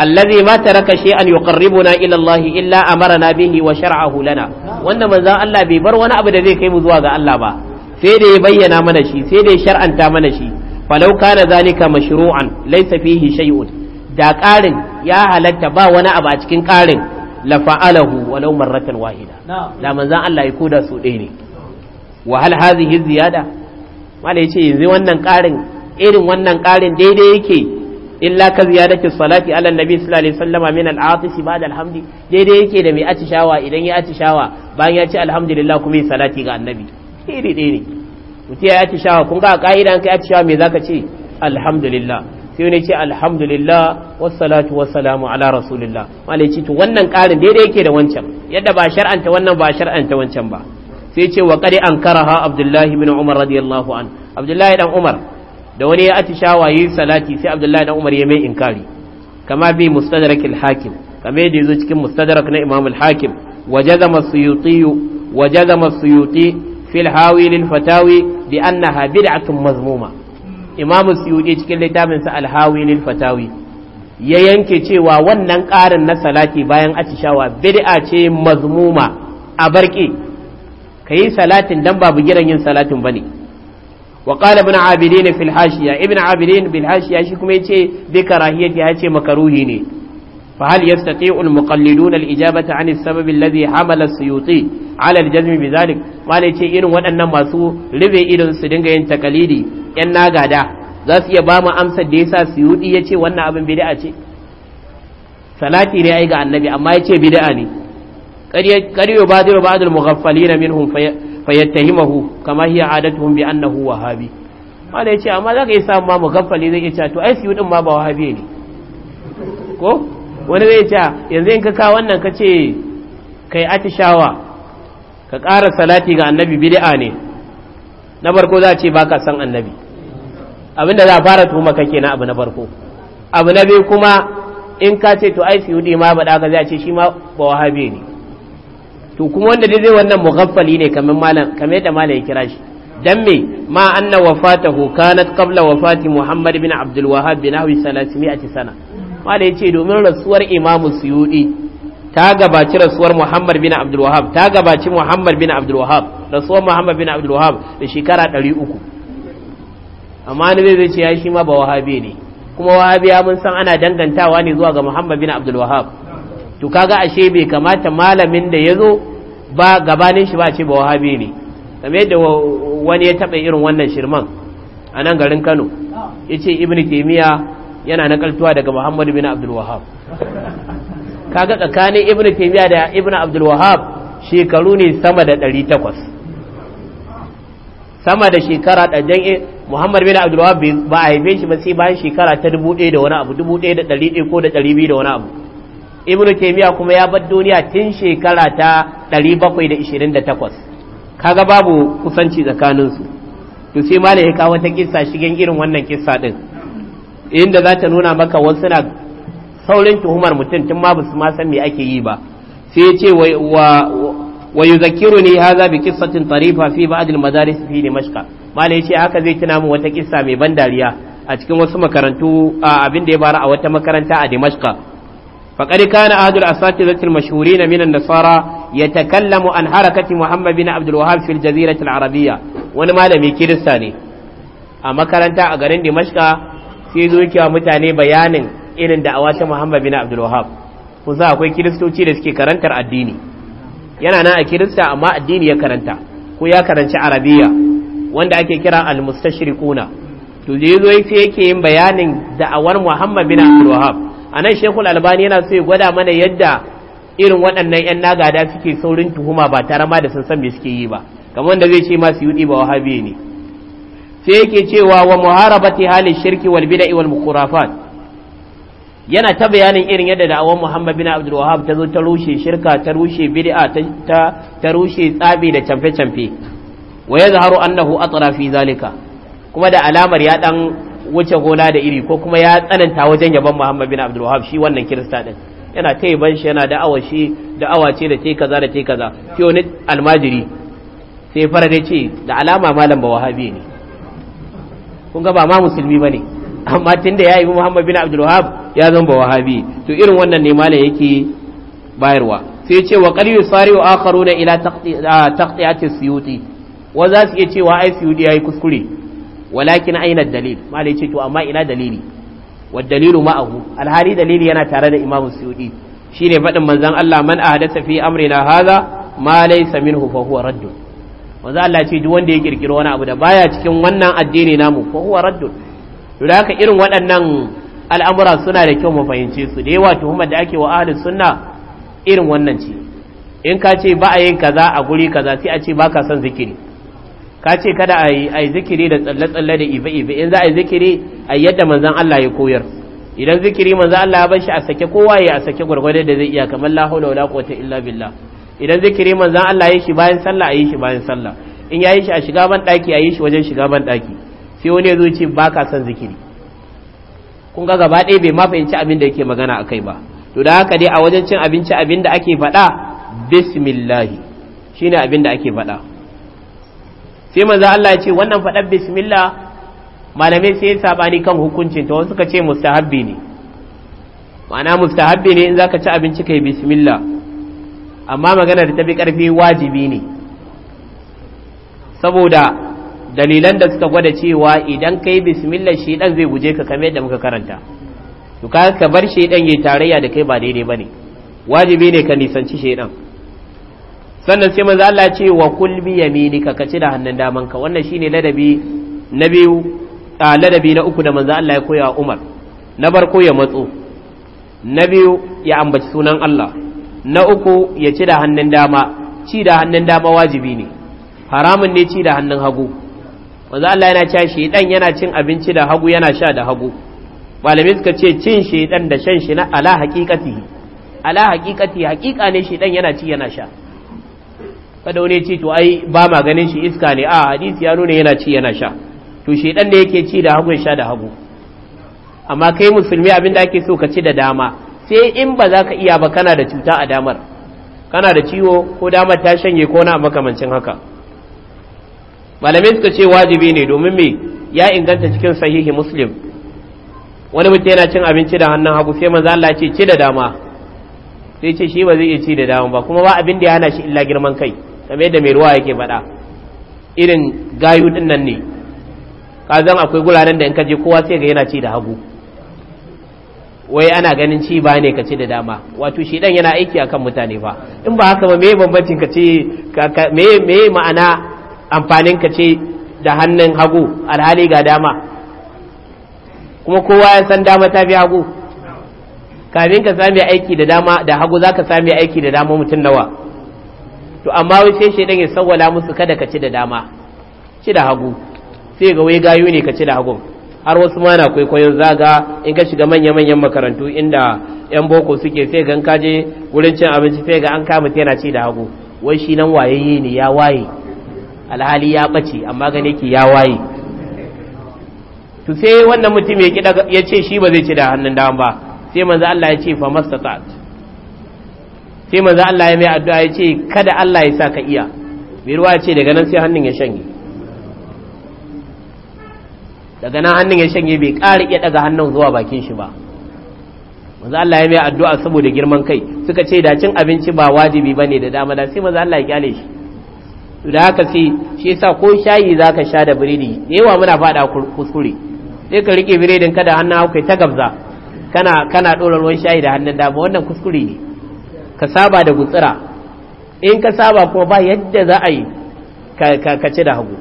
allazi ma taraka shay'an yuqarribuna ila Allah illa amarna bihi wa shar'ahu lana wannan manzon Allah bai bar wani abu da zai kai mu zuwa ga Allah ba sai da ya bayyana mana shi sai da ya shar'anta mana shi falau kana zalika mashru'an laysa fihi shay'un da ƙarin ya halatta ba wani abu a cikin ƙarin la fa'alahu walau marratan wahida da manzon Allah ya koda su ɗaya ne wa hal hadhihi ziyada mala yace yanzu wannan ƙarin irin wannan ƙarin daidai yake illa ka ziyadati salati ala nabi sallallahu alaihi wasallama min al-atis ba'da alhamdi daidai yake da mai atishawa idan ya atishawa bayan ya ce alhamdulillah kuma yi salati ga annabi iri ɗaya ne mutum ya atishawa kun ga ka'ida an kai atishawa me zaka ce alhamdulillah sai wani ce alhamdulillah wassalatu wassalamu ala rasulillah malai ce to wannan karin daidai yake da wancan yadda ba shar'anta wannan ba shar'anta wancan ba sai ce wa qad ankaraha abdullahi bin umar radiyallahu an abdullahi dan umar da wani ya atishawa yi salati sai abdullahi dan umar ya mai inkari kama bi mustadrak al-hakim kama yadda yazo cikin mustadrak na imam al-hakim wajazama as-suyuti wajazama suyuti fil hawi lil fatawi bi annaha bid'atun mazmuma imam as-suyuti cikin littafin sa al-hawi lil fatawi ya yanke cewa wannan ƙarin na salati bayan atishawa bid'a ce mazmuma a barke kayi salatin dan babu giran yin salatin bane wa qala ibn abidin fil hashiya ibn abidin bil hashiya shi kuma ya yace bi karahiyati yace makaruhi ne fa hal yastati'u al muqallidun al ijabata an sabab alladhi hamala suyuti ala al jazm bi zalik wala yace irin waɗannan masu rube irin su dinga yin takalidi yan nagada za su iya bamu mu amsar da yasa suyuti yace wannan abin bid'a ce salati ne ai ga annabi amma yace bida'a ne karye ba zai ba adul mughaffalina minhum fayattahimahu kama hiya adatuhum bi annahu wahabi mala yace amma zaka yi samu ma gaffali zai yace to ai siyu din ma ba wahabi ne ko wani zai yace yanzu in ka ka wannan ka ce kai atishawa ka ƙara salati ga annabi bid'a ne na barko za a ce baka san annabi abinda za a fara tuhuma kake na abu na barko abu na biyu kuma in ka ce to ai siyu din ma ba da ka zai ce shi ma ba wahabi ne to kuma wanda dai zai wannan mughaffali ne kamar malam kamar yadda malam ya kira shi dan me ma anna wafatahu kanat qabla wafati muhammad bin abdul wahhab bin ahwi 300 sana malam ce domin rasuwar imamu suyudi ta gabaci rasuwar muhammad bin abdul wahhab ta gabaci muhammad bin abdul wahhab rasuwar muhammad bin abdul wahhab da shekara 300 amma ne zai ce ya shi ma ba wahabi ne kuma wahabiya mun san ana dangantawa ne zuwa ga muhammad bin abdul wahhab to kaga ashe bai kamata malamin da ya zo ba gabanin shi ba ce ba wahabi ne kamar yadda wani ya taɓa irin wannan shirman a nan garin kano ya ce ibn taimiyya yana nakaltuwa daga muhammadu bin abdul wahab kaga tsakanin ibn taimiyya da ibn abdul wahab shekaru ne sama da 800 sama da shekara ɗajen eh, muhammadu bin abdul wahab ba a haife shi ba sai bayan shekara ta 1000 da wani abu 1100 ko da 200 da wani abu ibn taimiyya kuma ya bar duniya tun shekara ta 728 kaga babu kusanci tsakaninsu to sai malai ya kawo ta kissa shigen irin wannan kissa din inda za ta nuna maka wasu na saurin tuhumar mutum tun ma basu ma san me ake yi ba sai ya ce wa yuzakkiruni hadha bi qissatin tarifa fi ba'd al-madaris fi dimashq malai ya ce haka zai tuna mu wata kissa mai ban dariya a cikin wasu makarantu abin da ya bara a wata makaranta a dimashq فقد كان أحد الأساتذة المشهورين من النصارى يتكلم عن حركة محمد بن عبد الوهاب في الجزيرة العربية ونما لم يكرساني أما كانت أقرن دمشق في ذلك ومتاني بيان إن دعوات محمد بن عبد الوهاب kusa akwai kiristoci da suke karantar addini yana nan a kirista amma addini ya karanta ko ya karanci arabiya wanda ake kira al-mustashriquna to je zo yake yin bayanin da'awar Muhammad bin Abdul a nan shekul albani yana so ya gwada mana yadda irin waɗannan 'yan nagada suke saurin tuhuma ba tare ma da sun san me suke yi ba kamar da zai ce ma su yudi ba wahabi ne sai yake cewa wa muharabati halin shirki wal bid'i wal mukhurafat yana ta bayanin irin yadda da'awar Muhammad bin Abdul ta zo ta rushe shirka ta rushe bid'a ta ta rushe tsabi da camfe camfe wa yazharu annahu atra fi zalika kuma da alamar ya dan wuce gona da iri ko kuma ya tsananta wajen yaban Muhammad bin Abdul Wahab shi wannan Kirista din yana ta ban shi yana da'awa shi da'awa ce da ce kaza da ce kaza fi wani almajiri sai fara da ce da alama malam ba ne kun ga ba ma musulmi bane amma tunda ya yi Muhammad bin Abdul Wahab ya zan ba to irin wannan ne malam yake bayarwa sai ce wa qad yusari'u akharuna ila taqti'ati suyuti wa za su iya cewa ai suyuti yayi kuskure walakin aina dalil malai ce to amma ina dalili wa dalilu ma'ahu alhali dalili yana tare da imamu suyudi shine faɗin manzon Allah man ahdatha fi amrina hadha ma laysa minhu fa huwa radd manzon Allah ce duk wanda ya kirkiro wani abu da baya cikin wannan addini namu fa huwa radd to da haka irin waɗannan al'amura suna da kyau mu fahimce su da yawa tuhumar da ake wa ahlus sunna irin wannan ce in ka ce ba a yin kaza a guri kaza sai a ce baka son zikiri ka ce kada a yi zikiri da tsalle-tsalle da ibe-ibe in za a yi zikiri a yadda manzan Allah ya koyar idan zikiri manzan Allah ya bar shi a sake kowa ya a sake gwargwadon da zai iya kamar la hawla wala quwwata illa billah idan zikiri manzan Allah ya shi bayan sallah a yi shi bayan sallah in ya yi shi a shiga ban daki a yi shi wajen shiga ban daki sai wani ya zo ce ba ka son zikiri kun ga gaba ɗaya bai ma fahimci abin da yake magana a kai ba to da haka dai a wajen cin abinci abin da ake faɗa bismillahi shine abin da ake faɗa sai manzo Allah ya ce wannan faɗar bismillah malamai sai sabani kan hukuncin ta suka ce mustahabbi ne ma'ana mustahabbi ne in zaka ci abinci kai bismillah amma magana da tafi karfi wajibi ne saboda dalilan da suka gwada cewa idan kai bismillah shi dan zai guje ka kamar yadda muka karanta to ka bar shi dan yayi tarayya da kai ba daidai bane wajibi ne ka nisanci shedan sannan sai manzo Allah ce wa kul bi yaminika ka ci da hannun damanka wannan shine ladabi na biyu ladabi na uku da manzo Allah ya koya Umar na barko ya matso na biyu ya ambaci sunan Allah na uku ya ci da hannun dama ci da hannun dama wajibi ne haramun ne ci da hannun hagu manzo Allah yana cewa shedan yana cin abinci da hagu yana sha da hagu malamai suka ce cin shedan da shan shi na ala haqiqati ala haqiqati haqiqa ne shedan yana ci yana sha kada wani ce to ai ba ma ganin shi iska ne a hadisi ya nuna yana ci yana sha to shi dan da yake ci da hagu sha da hagu amma kai musulmi abin da ake so ka ci da dama sai in ba za ka iya ba kana da cuta a damar kana da ciwo ko damar ta shanye ko na makamancin haka malamai suka ce wajibi ne domin me ya inganta cikin sahihi muslim wani mutum yana cin abinci da hannun hagu sai manzo Allah ce ci da dama sai ce shi ba zai iya ci da dama ba kuma ba abin da ya hana shi illa girman kai kamar da mai ruwa yake faɗa irin gayu ɗin nan ne ka zan akwai gularen da in kaje je kowa sai ga yana ci da hagu wai ana ganin ci ba ne ka ci da dama wato shi dan yana aiki akan mutane ba in ba haka ba me bambancin ka ce me ma'ana amfanin ka ce da hannun hagu alhali ga dama kuma kowa ya san dama ta bi hagu kafin ka sami aiki da dama da hagu zaka sami aiki da dama mutum nawa to amma wai sai shaidan ya sawala musu kada ka ci da dama ci da hagu sai ga wai gayu ne ka ci da hagu. har wasu ma na kwaikwayon zaga in ka shiga manya-manyan makarantu inda 'yan boko suke sai ka je wurin cin abinci sai ga an kama yana ci da hagu wai shi nan wayayye ne ya waye alhali ya ɓace amma ne ki ya waye to sai wannan mutum ya ce shi ba zai ci da hannun dama ba sai manzo Allah ya ce fa mastata sai manzo Allah ya mai addu'a ya ce kada Allah ya sa ka iya mai ruwa ya ce daga nan sai hannun ya shanye daga nan hannun ya shanye bai ƙara iya daga hannun zuwa bakin shi ba manzo Allah ya mai addu'a saboda girman kai suka ce da cin abinci ba wajibi ba ne da dama da sai manzo Allah ya kyale shi da haka sai shi yasa ko shayi zaka sha da biredi yawa muna fada kuskure sai ka rike biredin kada hannun kai ta gabza kana kana dora ruwan shayi da hannun dama wannan kuskure ne ka saba da gutsira in ka saba kuma ba yadda za a yi ka ci da hagu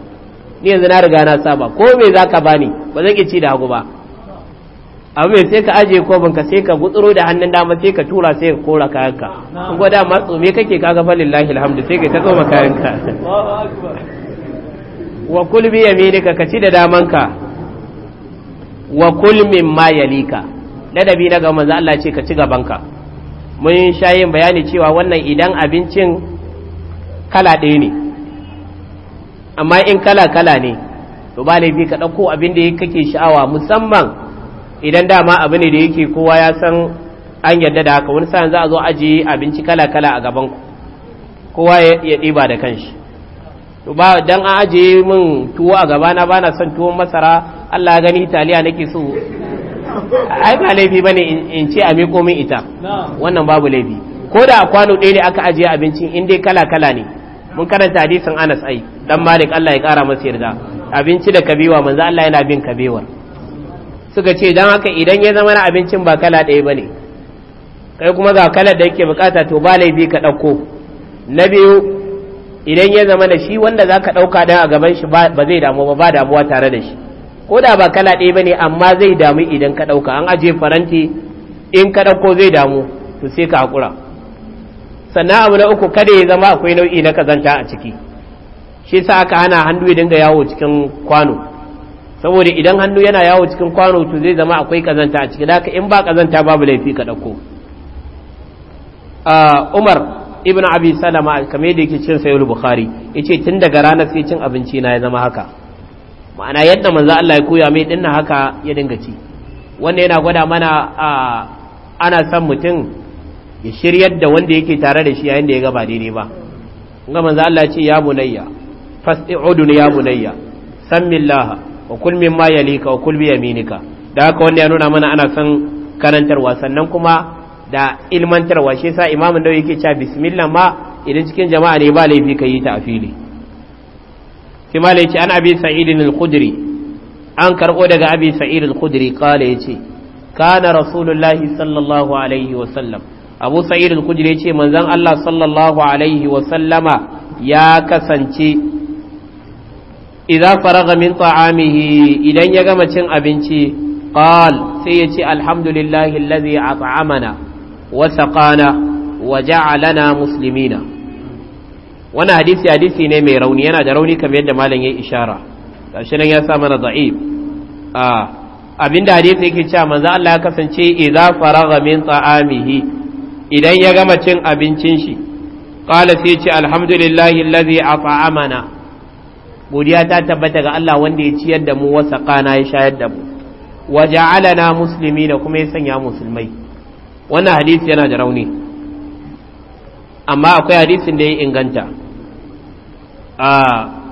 ni yanzu na riga na saba ko me za ka bani ba zan ci da hagu ba abu mai sai ka ajiye kofin ka sai ka gutsuro da hannun dama sai ka tura sai ka kora kayanka in gwada dama me kake kaga falin lahi alhamdu sai ka ta tsoma kayanka wa kulmi yaminika ka ci da damanka wa kulmin ma ladabi na ga manzo Allah ce ka ci gabanka mun sha yin bayani cewa wannan idan abincin kala ɗaya ne amma in kala-kala ne to ba laifi ka ɗauko abin da kake sha'awa musamman idan dama abu ne da yake kowa ya san an yadda da haka wani sa'an za a zo ajiye abinci kala-kala a gaban kowa ya ɗiba da kanshi to ba dan an ajiye min tuwo a gabana ba na son tuwon masara Allah gani italiya nake so ai ba laifi bane in ce a miko min ita wannan babu laifi ko da kwano ɗaya ne aka ajiye abincin in dai kala kala ne mun karanta hadisin Anas ai dan Malik Allah ya kara masa yarda abinci da kabewa manzo Allah yana bin kabewar suka ce dan haka idan ya zama na abincin ba kala ɗaya bane kai kuma ga kalar da yake bukata to ba laifi ka ɗauko na biyu idan ya zama da shi wanda za ka ɗauka dan a gaban shi ba zai damu ba ba damuwa tare da shi ko da ba kala ɗaya ba ne amma zai damu idan ka ɗauka an ajiye faranti in ka ɗauko zai damu to sai ka haƙura sannan abu na uku kada ya zama akwai nau'i na kazanta a ciki shi sa aka hana hannu ya dinga yawo cikin kwano saboda idan hannu yana yawo cikin kwano to zai zama akwai kazanta a ciki da in ba kazanta babu laifi ka ɗauko ah, umar ibn abi salama kamar yadda yake cin sayo bukhari yace tun daga ranar sai cin abinci na ya zama haka ma'ana yadda manzo Allah ya koya mai dinnan haka ya dinga ci wanda yana gwada mana ana san mutum ya shiryar da wanda yake tare da shi yayin da ya ga ba daidai ba ga manzo Allah ya ce ya bunayya fasti'udu ya bunayya sammillaha wa kul mimma yalika wa kul bi yaminika da haka wanda ya nuna mana ana san karantarwa sannan kuma da ilmantarwa shi yasa imamin da yake cewa bismillah ma idan cikin jama'a ne ba laifi ka yi ta a fili sai malai ce an abi sa'idin al-khudri an karbo daga abi sa'id al-khudri kala yace kana rasulullahi sallallahu alaihi wa sallam abu sa'id al-khudri yace manzon Allah sallallahu alaihi wa sallama ya kasance idza faraga min ta'amihi idan ya gama cin abinci qal sai yace alhamdulillahi allazi at'amana wa saqana wa ja'alana muslimina wani hadisi hadisi ne mai rauni yana da rauni kamar yadda malam ya ishara gashi nan ya sa mana da'if a abinda hadisi yake cewa manzo Allah ya kasance idza faragha min ta'amihi idan ya gama cin abincin shi qala sai ce alhamdulillahi allazi at'amana godiya ta tabbata ga Allah wanda ya ciyar da mu wasa kana ya shayar da mu Musulmi muslimina kuma ya sanya musulmai wannan hadisi yana da rauni amma akwai hadisin da ya inganta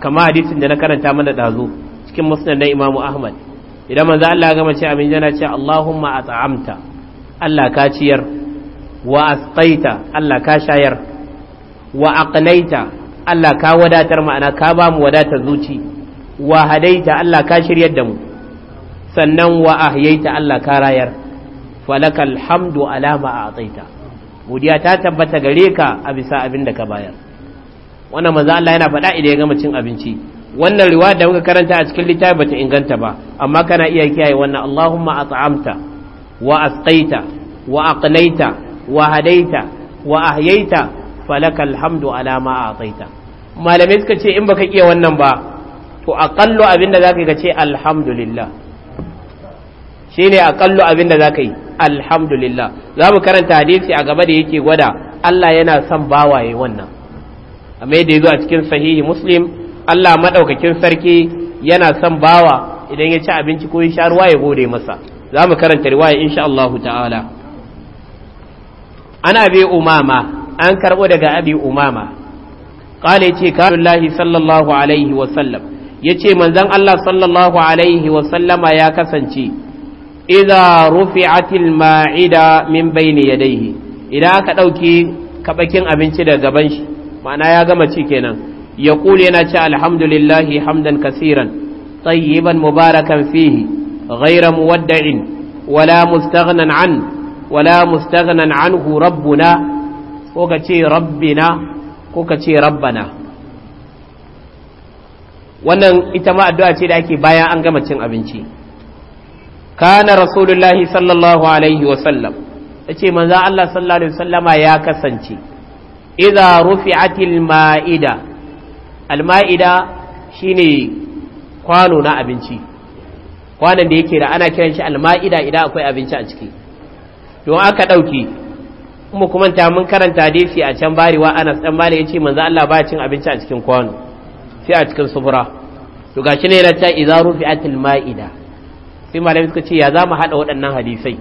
kama hadisin da na karanta mana dazu cikin musnad na imamu ahmad idan manzo Allah gama ce amin jana ce Allahumma at'amta Allah ka ciyar wa asqaita Allah ka shayar wa aqnaita Allah ka wadatar ma'ana ka ba mu wadatar zuci wa hadaita Allah ka shiryar da mu sannan wa ahyaita Allah ka rayar falakal hamdu ala ma a'taita godiya ta tabbata gare ka a bisa abin da ka bayar wannan maza Allah yana faɗa idan ya gama cin abinci wannan riwaya da muka karanta a cikin littafi bata inganta ba amma kana iya kiyaye wannan Allahumma at'amta wa asqaita wa aqnaita wa hadaita wa ahyaita falakal hamdu ala ma ataita malamai suka ce in baka iya wannan ba to aqallu abinda zaka yi ka ce alhamdulillah shine aqallu abinda zaka yi alhamdulillah za mu karanta hadisi a gaba da yake gwada Allah yana son bawaye wannan amma yadda ya zo a cikin sahihi muslim Allah maɗaukakin sarki yana son bawa idan ya ci abinci ko ya sha ruwa ya gode masa za mu karanta riwaya insha Allah ta'ala ana bi umama an karbo daga abi umama qala yace kallahi sallallahu alaihi wa sallam yace manzon Allah sallallahu alaihi wa sallama ya kasance rufi rufi'atil ma'ida min bayni yadayhi idan aka dauki kabakin abinci da gaban shi ma'ana ya gama ci kenan ya kula yana ce alhamdulillahi hamdan kasiran tayyiban mubarakan fihi ghayra muwadda'in wala mustaghnan an wala mustaghnan anhu rabbuna ko ka ce rabbina ko ka ce rabbana wannan ita ma addu'a ce da ake bayan an gama cin abinci kana rasulullahi sallallahu alaihi wasallam ta ce manzan Allah sallallahu alaihi wasallama ya kasance idza rufi'atil ma'ida al-ma'ida shine kwano na abinci kwanan da yake da ana kiran shi al-ma'ida idan akwai abinci a ciki don aka dauki kuma kuma ta mun karanta hadisi a can barewa Anas dan Malik yace manzo Allah ba cin abinci a cikin kwano sai a cikin subura to gashi ne yana ta idza rufi'atil ma'ida sai Malami suka ce ya za mu haɗa waɗannan hadisai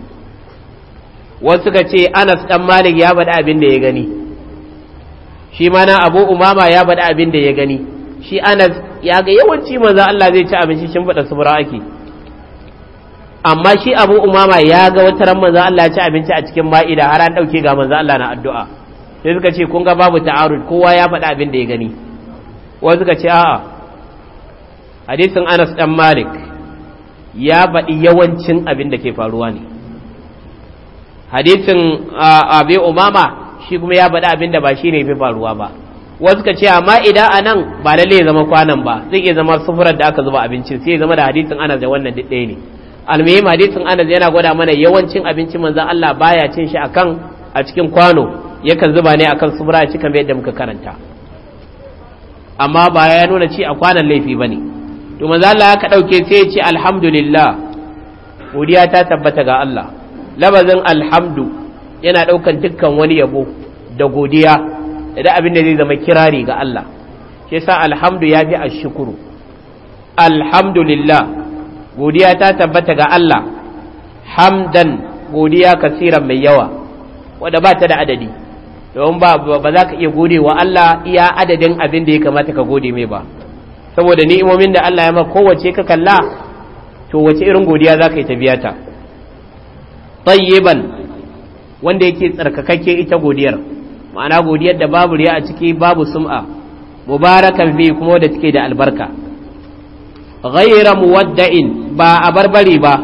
wasu suka ce anas ɗan malik ya faɗi abin da ya gani shi mana abu umama ya faɗi abin da ya gani shi anas ya ga yawanci maza Allah zai ci abinci shin faɗa subura ake amma shi abu umama ya ga wata ran maza Allah ya ci abinci a cikin ma'ida har an ɗauke ga maza Allah na addu'a sai suka ce kun ga babu ta'arud kowa ya faɗi abin da ya gani wasu suka ce a'a hadisin Anas ɗan Malik ya baɗi yawancin abin da ke faruwa ne hadisin abe umama shi kuma ya baɗi abin da ba shi ne fi faruwa ba wasu ka ce amma idan a nan ba lalle zama kwanan ba zai iya zama sufurar da aka zuba abincin sai zama da hadisin anas da wannan duk ɗaya ne almuhim hadisin anas yana gwada mana yawancin abincin manzan Allah baya cin shi akan a cikin kwano yakan zuba ne akan sufura cikin yadda muka karanta amma ba ya nuna ci a kwanan laifi ba ne. to manzo Allah ka dauke sai ya ce alhamdulillah godiya ta tabbata ga Allah labazin alhamdu yana daukan dukkan wani yabo da godiya da abin da zai zama kirari ga Allah shi yasa alhamdu ya fi ashkuru alhamdulillah godiya ta tabbata ga Allah hamdan godiya kasiran mai yawa wadda ba ta da adadi domin ba za ka iya gode wa Allah iya adadin abin da ya kamata ka gode mai ba saboda ni'imomin da Allah ya maka kowace ka kalla to wace irin godiya za ka yi ta biya ta tayyiban wanda yake tsarkakakke ita godiyar ma'ana godiyar da babu riya a ciki babu sum'a mubarakan fi kuma da take da albarka ghayra muwadda'in ba a barbare ba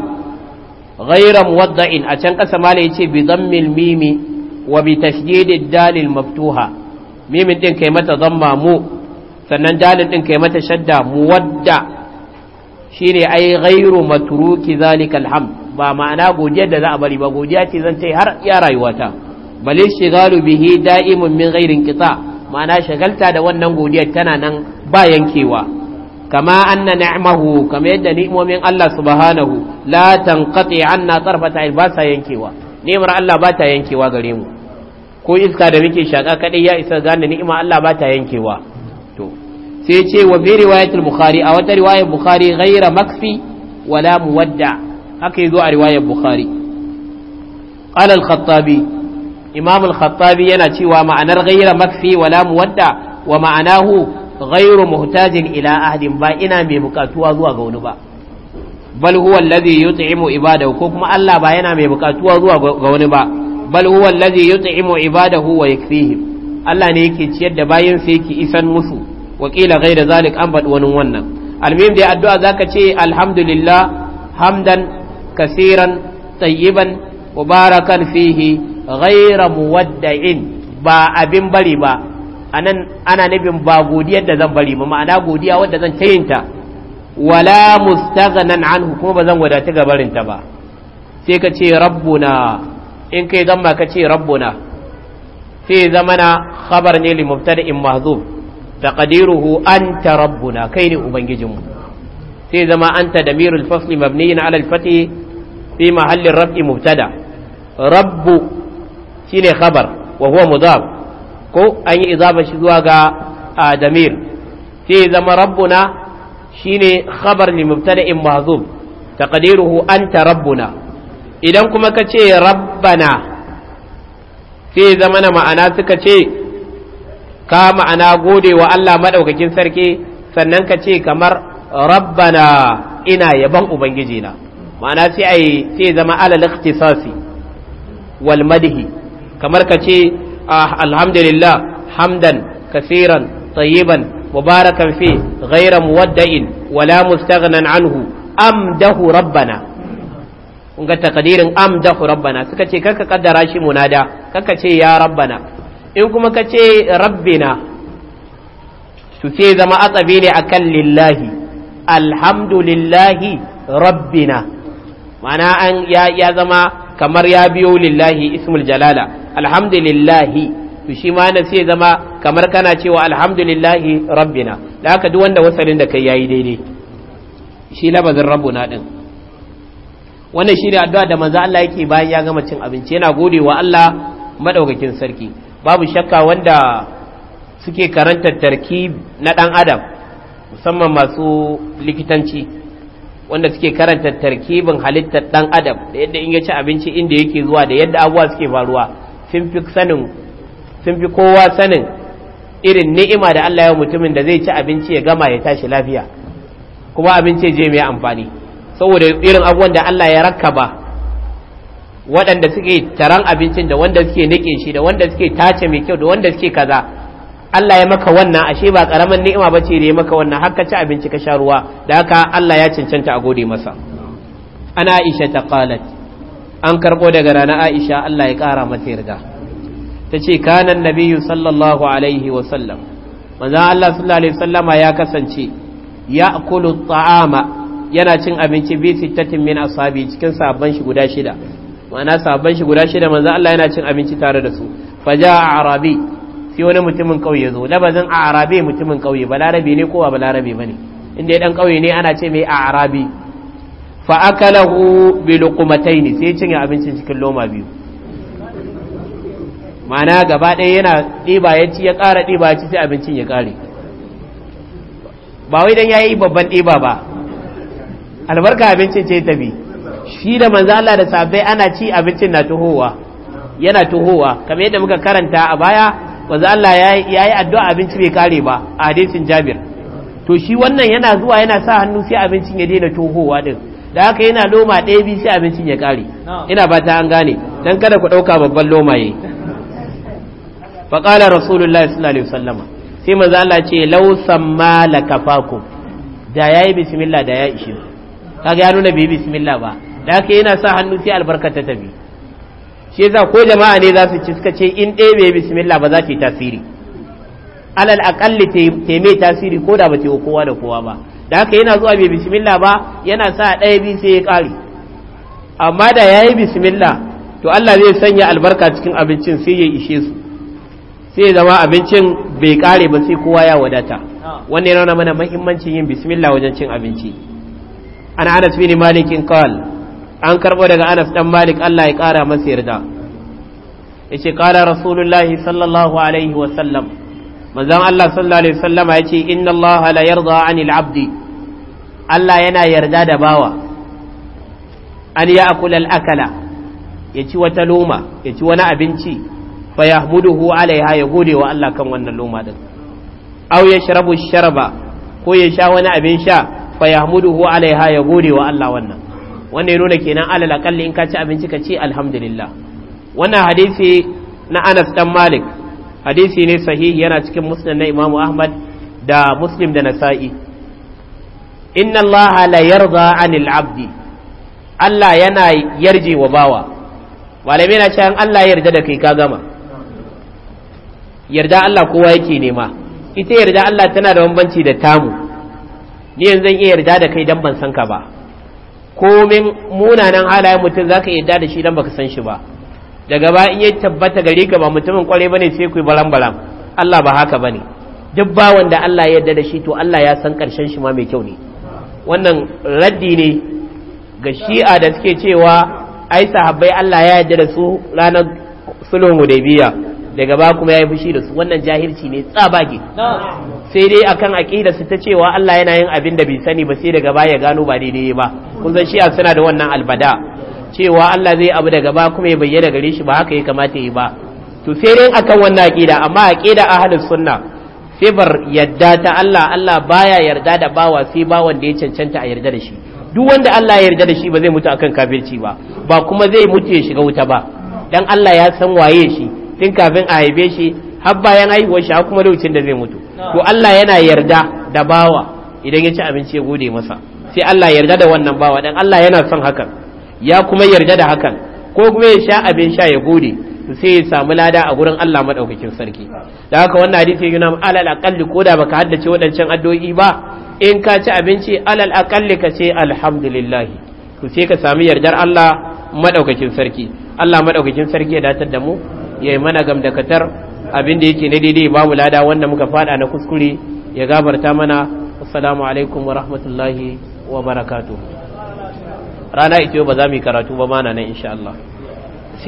ghayra muwadda'in a can kasa mala yace bi dhammil mimi wa bi tashdidid dalil maftuha mimin din kai mata dhamma mu sannan dalin ɗin kai mata shadda muwadda shi ne ai gairu maturuki zalika alham ba ma'ana godiyar da za a bari ba godiya ce zan ta har ya rayuwata balin shigalu bihi da'imun min gairin kitsa ma'ana shagalta da wannan godiyar tana nan ba yankewa kama anna ni'mahu kama yadda ni'momin Allah subhanahu la tanqati anna tarfata ayn ba sa yankewa ni'mar Allah ba ta yankewa gare mu ko iska da muke shaka kadai ya isa gane ni'ima Allah ba ta yankewa sai ce wa bi riwayatul bukhari a wata riwayar bukhari ghaira makfi wala muwadda haka yazo a riwayar bukhari qala al-khattabi imam al-khattabi yana cewa ma'anar ghaira makfi wala muwadda wa ma'anahu ghairu muhtajin ila ahdin ba ina mai bukatuwa zuwa ga wani ba bal huwa alladhi yut'imu ibadahu ko kuma Allah ba yana mai bukatuwa zuwa ga wani ba bal huwa alladhi yut'imu ibadahu wa yakfihim Allah ne yake ciyar da bayin sai yake isan musu wakila qila ghayra zalik an baɗu wani wannan almuhim da addu'a zaka ce alhamdulillah hamdan kasiran tayyiban mubarakan fihi ghayra muwadda'in ba abin bari ba anan ana nufin ba godiyar da zan bari ba ma'ana godiya wadda zan tayinta wala mustaghnan anhu kuma ba zan wadata ga barinta ba sai ka ce rabbuna in kai zama ka ce rabbuna sai zamana khabar ne li mubtada'in mahzuf taqdiruhu anta rabbuna kai ne ubangijinmu sai zama anta damirul fasli mabniyin ala al-fathi fi mahallin raf'i mubtada rabbu shine khabar wa huwa mudaf ko an yi izaba shi zuwa ga damir sai zama rabbuna shine khabar li mubtada'in mahzub taqdiruhu anta rabbuna idan kuma kace rabbana sai zama na ma'ana suka ce ka ma'ana gode wa Allah maɗaukakin sarki sannan ka ce kamar rabbana ina yaban ubangiji na ma'ana sai sai zama alal ikhtisasi wal madhi kamar ka ce ah, alhamdulillah hamdan kasiran tayyiban mubarakan fi ghayra muwadda'in wala mustaghnan anhu amdahu rabbana kun ga takadirin amdahu rabbana suka ce karka kaddara shi munada karka ce ya rabbana in kuma ka ce rabbina su ce zama atsabe ne akan lillahi alhamdulillahi rabbina mana an ya zama kamar ya biyo lillahi ismul jalala alhamdulillahi to shi ma nan sai zama kamar kana cewa alhamdulillahi rabbina da haka duk wanda wasalin da kai yayi daidai shi labazin rabbuna din wannan shi ne addu'a da manzo Allah yake bayan ya gama cin abinci yana godewa Allah madaukakin sarki babu shakka wanda suke karanta tarkib na ɗan adam musamman masu likitanci wanda suke karanta tarkibin halittar ɗan adam da yadda in ya ci abinci inda yake zuwa da yadda abuwa suke faruwa sun fi kowa sanin irin ni'ima da Allah ya mutumin da zai ci abinci ya gama ya tashi lafiya kuma abinci je mai amfani saboda irin abuwan da Allah ya ba. waɗanda suke taran abincin da wanda suke nike shi da wanda suke tace mai kyau da wanda suke kaza Allah ya maka wannan ashe ba karaman ni'ima ba ce da ya maka wannan har ka ci abinci ka sha ruwa da haka Allah ya cancanta a gode masa ana Aisha ta qalat an karbo daga rana Aisha Allah ya kara mata yarda tace kana annabiyyu sallallahu alaihi wa sallam manzo Allah sallallahu alaihi wasallama ya kasance ya'kulu at-ta'ama yana cin abinci bi sittatin min ashabi cikin sabban shi guda shida ma'ana sahabban shi guda shida manzo Allah yana cin abinci tare da su faja arabi sai wani mutumin kauye zo labazin arabi mutumin kauye balarabe ne ko ba balarabe bane inda dan kauye ne ana ce mai arabi fa akalahu bi luqmatayn sai cin abincin cikin loma biyu ma'ana gaba ɗaya yana ɗiba ya ci ya ƙara ɗiba ya ci sai abincin ya ƙare ba wai dan yayi babban ɗiba ba albarka abincin ce ta bi shi da manzo da sahabbai ana ci abincin na tuhowa yana tuhowa kamar yadda muka karanta a baya manzo Allah yayi addu'a abinci bai kare ba a hadisin Jabir to shi wannan yana zuwa yana sa hannu sai abincin ya daina tuhowa din da haka yana loma ɗaya biyu sai abincin ya kare ina ba ta an gane dan kada ku ɗauka babban fa qala rasulullahi sallallahu alaihi wasallam sai manzo Allah ce law samma lakafakum da yayi bismillah da ya ishe kaga ya nuna bai bismillah ba da haka yana sa hannu sai albarka ta tafi shi yasa ko jama'a ne za su ci suka ce in ɗaya mai bismillah ba za ta yi tasiri alal akalli ta mai tasiri ko da ba ta yi kowa da kowa ba da haka yana zuwa bai bismillah ba yana sa ɗaya biyu sai ya ƙare amma da ya yi bismillah to Allah zai sanya albarka cikin abincin sai ya ishe su sai zama abincin bai ƙare ba sai kowa ya wadata wannan yana mana mahimmancin yin bismillah wajen cin abinci ana anas bin malikin qala an karbo daga anas dan malik allah ya kara masa yarda ya ce qala rasulullahi sallallahu alaihi wa sallam manzon allah sallallahu alaihi wasallam yace inna allaha la yarda anil abdi allah yana yarda da bawa an ya'kula al akala ci wata loma ci wani abinci fa yahmuduhu alaiha ya gode wa allah kan wannan loma din aw yashrabu sharaba ko ya sha wani abin sha fa yahmuduhu alaiha ya gode wa allah wannan wanda ya nuna kenan alal akalli in ka ci abinci ka ce alhamdulillah wannan hadisi na Anas dan Malik hadisi ne sahihi yana cikin musnad na Imam Ahmad da Muslim da Nasa'i inna Allah la yarda 'anil 'abdi Allah yana yarje wa bawa malamai na cewa Allah yarda da kai ka gama yarda Allah kowa yake nema ita yarda Allah tana da bambanci da tamu ni yanzu zan iya yarda da kai dan ban san ka ba komin munanan halayen mutum za ka yadda da shi dan baka san shi ba daga ba in ya tabbata gari ka ba mutumin kwarai bane sai ku balan balan Allah ba haka bane duk ba wanda Allah ya yarda da shi to Allah ya san karshen shi ma mai kyau ne wannan raddi ne ga shi'a da suke cewa ai sahabbai Allah ya yarda da su ranar sulhun hudaybiya daga ba kuma ya yi fushi da su wannan jahilci ne tsabage sai dai akan aqidar su ta cewa Allah yana yin abin da bai sani ba sai daga ya gano ba daidai ba kun san shi'a suna da wannan albada cewa Allah zai abu daga ba kuma ya bayyana gare shi ba haka ya kamata yi ba to sai dai akan wannan aqida amma aqida ahlus sunna bar yadda ta Allah Allah baya yarda da bawa sai bawan da ya cancanta a yarda da shi duk wanda Allah ya yarda da shi ba zai mutu akan kafirci ba ba kuma zai mutu ya shiga wuta ba dan Allah ya san waye shi tun kafin a haife shi har bayan haihuwar shi har kuma lokacin da zai mutu to Allah yana yarda da bawa idan ya ci abinci ya gode masa sai Allah yarda da wannan bawa dan Allah yana son hakan ya kuma yarda da hakan ko kuma ya sha abin sha ya gode sai ya samu lada a gurin Allah madaukakin sarki da haka wannan hadisi yana alal aqalli ko da baka haddace wadancan addu'o'i ba in ka ci abinci alal aqalli ka ce alhamdulillah to sai ka sami yardar Allah madaukakin sarki Allah madaukakin sarki ya datar da mu yayi mana gam katar abin da yake na daidai mu lada wanda muka fada na kuskure ya gabarta mana assalamu alaikum wa rahmatullahi wa barakatuh rana ita ba za mu yi karatu ba mana nan insha Allah